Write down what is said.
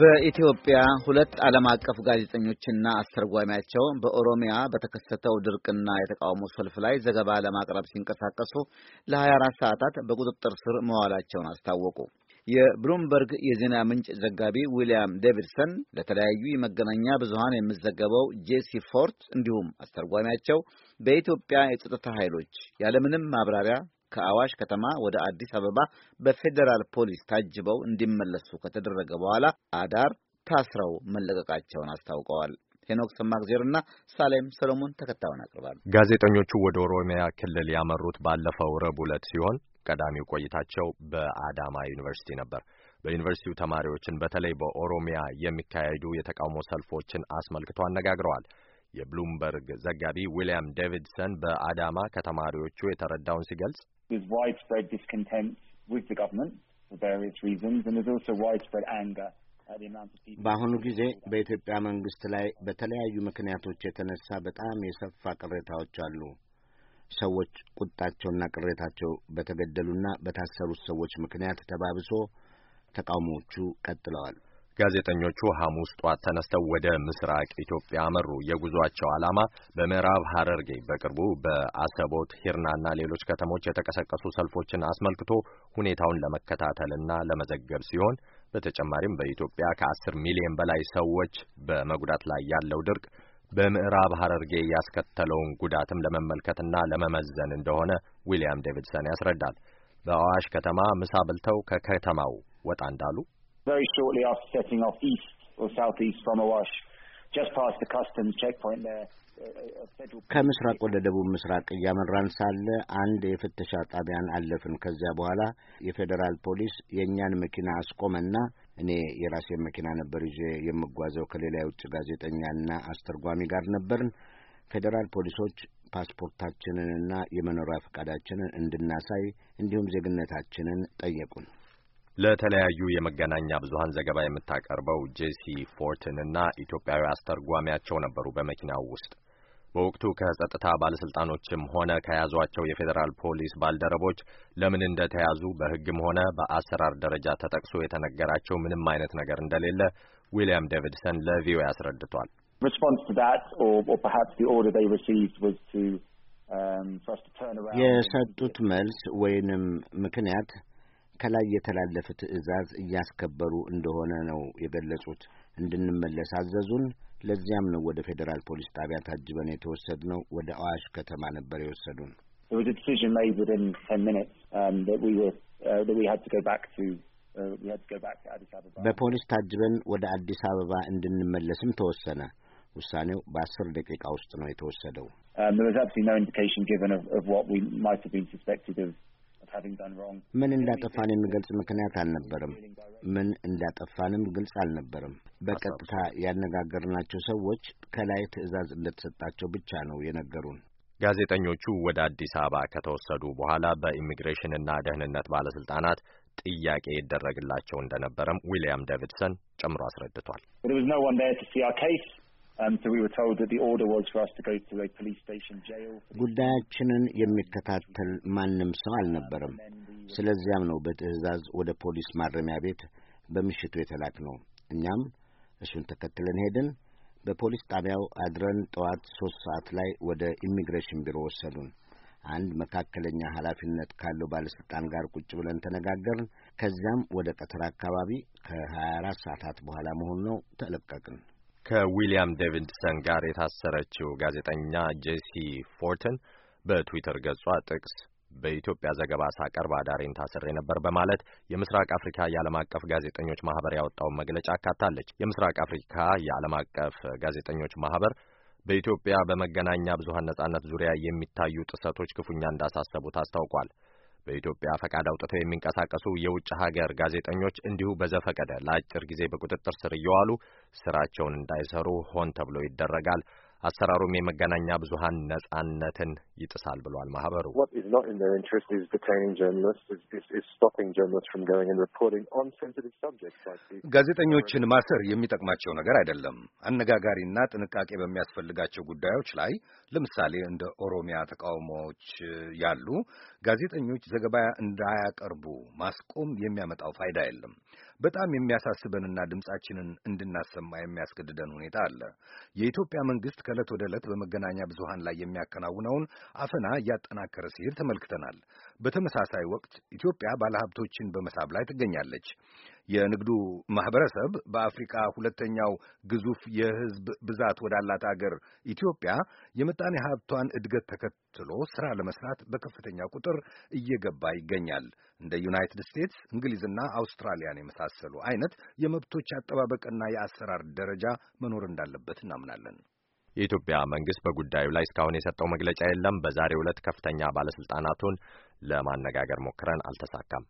በኢትዮጵያ ሁለት ዓለም አቀፍ ጋዜጠኞችና አስተርጓሚያቸው በኦሮሚያ በተከሰተው ድርቅና የተቃውሞ ሰልፍ ላይ ዘገባ ለማቅረብ ሲንቀሳቀሱ ለ24 ሰዓታት በቁጥጥር ስር መዋላቸውን አስታወቁ። የብሉምበርግ የዜና ምንጭ ዘጋቢ ዊልያም ዴቪድሰን፣ ለተለያዩ የመገናኛ ብዙሃን የምዘገበው ጄሲ ፎርት እንዲሁም አስተርጓሚያቸው በኢትዮጵያ የጸጥታ ኃይሎች ያለምንም ማብራሪያ ከአዋሽ ከተማ ወደ አዲስ አበባ በፌዴራል ፖሊስ ታጅበው እንዲመለሱ ከተደረገ በኋላ አዳር ታስረው መለቀቃቸውን አስታውቀዋል። ሄኖክ ሰማግዜርና ሳሌም ሰሎሞን ተከታዩን አቅርባል። ጋዜጠኞቹ ወደ ኦሮሚያ ክልል ያመሩት ባለፈው ረቡዕ ዕለት ሲሆን ቀዳሚው ቆይታቸው በአዳማ ዩኒቨርሲቲ ነበር። በዩኒቨርሲቲው ተማሪዎችን በተለይ በኦሮሚያ የሚካሄዱ የተቃውሞ ሰልፎችን አስመልክቶ አነጋግረዋል። የብሉምበርግ ዘጋቢ ዊልያም ዴቪድሰን በአዳማ ከተማሪዎቹ የተረዳውን ሲገልጽ በአሁኑ ጊዜ በኢትዮጵያ መንግስት ላይ በተለያዩ ምክንያቶች የተነሳ በጣም የሰፋ ቅሬታዎች አሉ። ሰዎች ቁጣቸውና ቅሬታቸው በተገደሉና በታሰሩት ሰዎች ምክንያት ተባብሶ ተቃውሞዎቹ ቀጥለዋል። ጋዜጠኞቹ ሐሙስ ጧት ተነስተው ወደ ምስራቅ ኢትዮጵያ አመሩ። የጉዟቸው ዓላማ በምዕራብ ሐረርጌ በቅርቡ በአሰቦት ሂርናና ሌሎች ከተሞች የተቀሰቀሱ ሰልፎችን አስመልክቶ ሁኔታውን ለመከታተልና ለመዘገብ ሲሆን በተጨማሪም በኢትዮጵያ ከአስር ሚሊዮን በላይ ሰዎች በመጉዳት ላይ ያለው ድርቅ በምዕራብ ሐረርጌ ያስከተለውን ጉዳትም ለመመልከትና ለመመዘን እንደሆነ ዊልያም ዴቪድሰን ያስረዳል። በአዋሽ ከተማ ምሳ በልተው ከከተማው ወጣ እንዳሉ ከምስራቅ ወደ ደቡብ ምስራቅ እያመራን ሳለ አንድ የፍተሻ ጣቢያን አለፍን። ከዚያ በኋላ የፌዴራል ፖሊስ የእኛን መኪና አስቆመና እኔ የራሴን መኪና ነበር ይዤ የምጓዘው ከሌላ የውጭ ጋዜጠኛና አስተርጓሚ ጋር ነበርን። ፌዴራል ፖሊሶች ፓስፖርታችንንና የመኖሪያ ፈቃዳችንን እንድናሳይ እንዲሁም ዜግነታችንን ጠየቁን። ለተለያዩ የመገናኛ ብዙሃን ዘገባ የምታቀርበው ጄሲ ፎርትን እና ኢትዮጵያዊ አስተርጓሚያቸው ነበሩ በመኪናው ውስጥ። በወቅቱ ከጸጥታ ባለስልጣኖችም ሆነ ከያዟቸው የፌዴራል ፖሊስ ባልደረቦች ለምን እንደተያዙ በሕግም ሆነ በአሰራር ደረጃ ተጠቅሶ የተነገራቸው ምንም አይነት ነገር እንደሌለ ዊልያም ዴቪድሰን ለቪኦኤ አስረድቷል። um, የሰጡት መልስ ወይንም ምክንያት ከላይ የተላለፈ ትዕዛዝ እያስከበሩ እንደሆነ ነው የገለጹት። እንድንመለስ አዘዙን። ለዚያም ነው ወደ ፌዴራል ፖሊስ ጣቢያ ታጅበን የተወሰድነው። ወደ አዋሽ ከተማ ነበር የወሰዱን። um, uh, uh, በፖሊስ ታጅበን ወደ አዲስ አበባ እንድንመለስም ተወሰነ። ውሳኔው በአስር ደቂቃ ውስጥ ነው የተወሰደው። um, ምን እንዳጠፋን የሚገልጽ ምክንያት አልነበረም። ምን እንዳጠፋንም ግልጽ አልነበረም። በቀጥታ ያነጋገርናቸው ሰዎች ከላይ ትዕዛዝ እንደተሰጣቸው ብቻ ነው የነገሩን። ጋዜጠኞቹ ወደ አዲስ አበባ ከተወሰዱ በኋላ በኢሚግሬሽንና ደህንነት ባለስልጣናት ጥያቄ ይደረግላቸው እንደነበረም ዊልያም ዴቪድሰን ጨምሮ አስረድቷል። Um, ጉዳያችንን የሚከታተል ማንም ሰው አልነበረም። ስለዚያም ነው በትዕዛዝ ወደ ፖሊስ ማረሚያ ቤት በምሽቱ የተላክ ነው። እኛም እሱን ተከትለን ሄድን። በፖሊስ ጣቢያው አድረን ጠዋት ሦስት ሰዓት ላይ ወደ ኢሚግሬሽን ቢሮ ወሰዱን። አንድ መካከለኛ ኃላፊነት ካለው ባለስልጣን ጋር ቁጭ ብለን ተነጋገርን። ከዚያም ወደ ቀትር አካባቢ ከ24 ሰዓታት በኋላ መሆኑ ነው ተለቀቅን። ከዊሊያም ዴቪድሰን ጋር የታሰረችው ጋዜጠኛ ጄሲ ፎርተን በትዊተር ገጿ ጥቅስ በኢትዮጵያ ዘገባ ሳቀርብ አዳሬን ታስሬ ነበር በማለት የምስራቅ አፍሪካ የዓለም አቀፍ ጋዜጠኞች ማህበር ያወጣውን መግለጫ አካታለች። የምስራቅ አፍሪካ የዓለም አቀፍ ጋዜጠኞች ማህበር በኢትዮጵያ በመገናኛ ብዙሀን ነጻነት ዙሪያ የሚታዩ ጥሰቶች ክፉኛ እንዳሳሰቡት አስታውቋል። በኢትዮጵያ ፈቃድ አውጥተው የሚንቀሳቀሱ የውጭ ሀገር ጋዜጠኞች እንዲሁ በዘፈቀደ ለአጭር ጊዜ በቁጥጥር ስር እየዋሉ ስራቸውን እንዳይሰሩ ሆን ተብሎ ይደረጋል። አሰራሩም የመገናኛ ብዙሃን ነጻነትን ይጥሳል ብሏል ማህበሩ። ጋዜጠኞችን ማሰር የሚጠቅማቸው ነገር አይደለም። አነጋጋሪና ጥንቃቄ በሚያስፈልጋቸው ጉዳዮች ላይ ለምሳሌ እንደ ኦሮሚያ ተቃውሞዎች ያሉ ጋዜጠኞች ዘገባ እንዳያቀርቡ ማስቆም የሚያመጣው ፋይዳ የለም። በጣም የሚያሳስበንና ድምፃችንን እንድናሰማ የሚያስገድደን ሁኔታ አለ። የኢትዮጵያ መንግስት ከእለት ወደ ዕለት በመገናኛ ብዙሃን ላይ የሚያከናውነውን አፈና እያጠናከረ ሲሄድ ተመልክተናል። በተመሳሳይ ወቅት ኢትዮጵያ ባለሀብቶችን በመሳብ ላይ ትገኛለች። የንግዱ ማህበረሰብ በአፍሪካ ሁለተኛው ግዙፍ የህዝብ ብዛት ወዳላት አገር ኢትዮጵያ የምጣኔ ሀብቷን እድገት ተከትሎ ስራ ለመስራት በከፍተኛ ቁጥር እየገባ ይገኛል። እንደ ዩናይትድ ስቴትስ፣ እንግሊዝና አውስትራሊያን የመሳሰሉ አይነት የመብቶች አጠባበቅና የአሰራር ደረጃ መኖር እንዳለበት እናምናለን። የኢትዮጵያ መንግስት በጉዳዩ ላይ እስካሁን የሰጠው መግለጫ የለም። በዛሬው ዕለት ከፍተኛ ባለስልጣናቱን ለማነጋገር ሞክረን አልተሳካም።